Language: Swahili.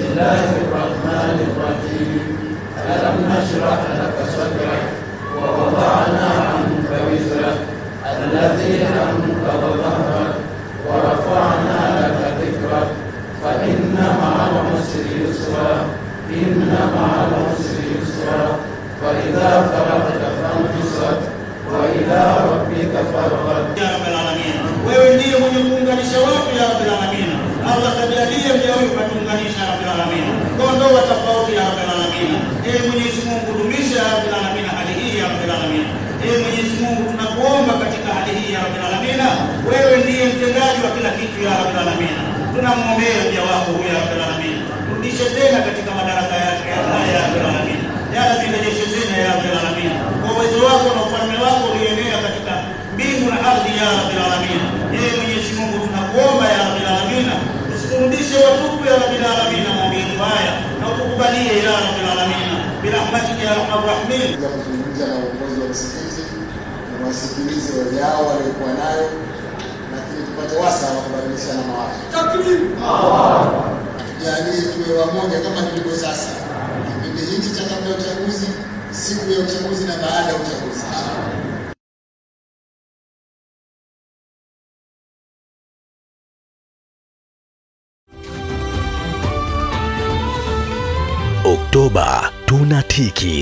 بسم الله الرحمن الرحيم ألم نشرح لك صدرك ووضعنا عنك وزرك الذي أنقض ظهرك ورفعنا لك ذكرك فإن مع العسر يسرا إن مع العسر يسرا فإذا فرغت فانتصر وإلى ربك فارغب يا رب العالمين wewe ndiye mwenye kuunganisha watu ya رب العالمين Allah tajalie mja huyu katuunganisha tofauti ya rabbil alamin. Ee Mwenyezi Mungu, dumisha ya rabbil alamin hali hii ya rabbil alamin. Ee Mwenyezi Mungu, tunakuomba katika hali hii ya rabbil alamin, wewe ndiye mtendaji wa kila kitu ya rabbil alamin. Tunamwombea mja wako huyo ya rabbil alamin, rudishe tena katika madaraka yake ya rabbil alamin. Ya rabbi, rejeshe tena ya rabbil alamin kwa uwezo wako na ufalme wako ulioenea katika mbingu na ardhi ya rabbil alamin. Ee Mwenyezi Mungu, tunakuomba ya rabbil alamin, usikurudishe watu amin ya rabbil alamin, birahmatika ya arhamar rahimin. Kuzungumza na uongozi wa msikiti na wasikilize wajao waliokuwa nayo, lakini tupate wasa wa kubadilishana mawazo, tujalie tuwe wamoja kama tulivyo sasa. Kipindi hichi cha kabla ya uchaguzi, siku ya uchaguzi na baada ya uchaguzi. Oktoba tunatiki.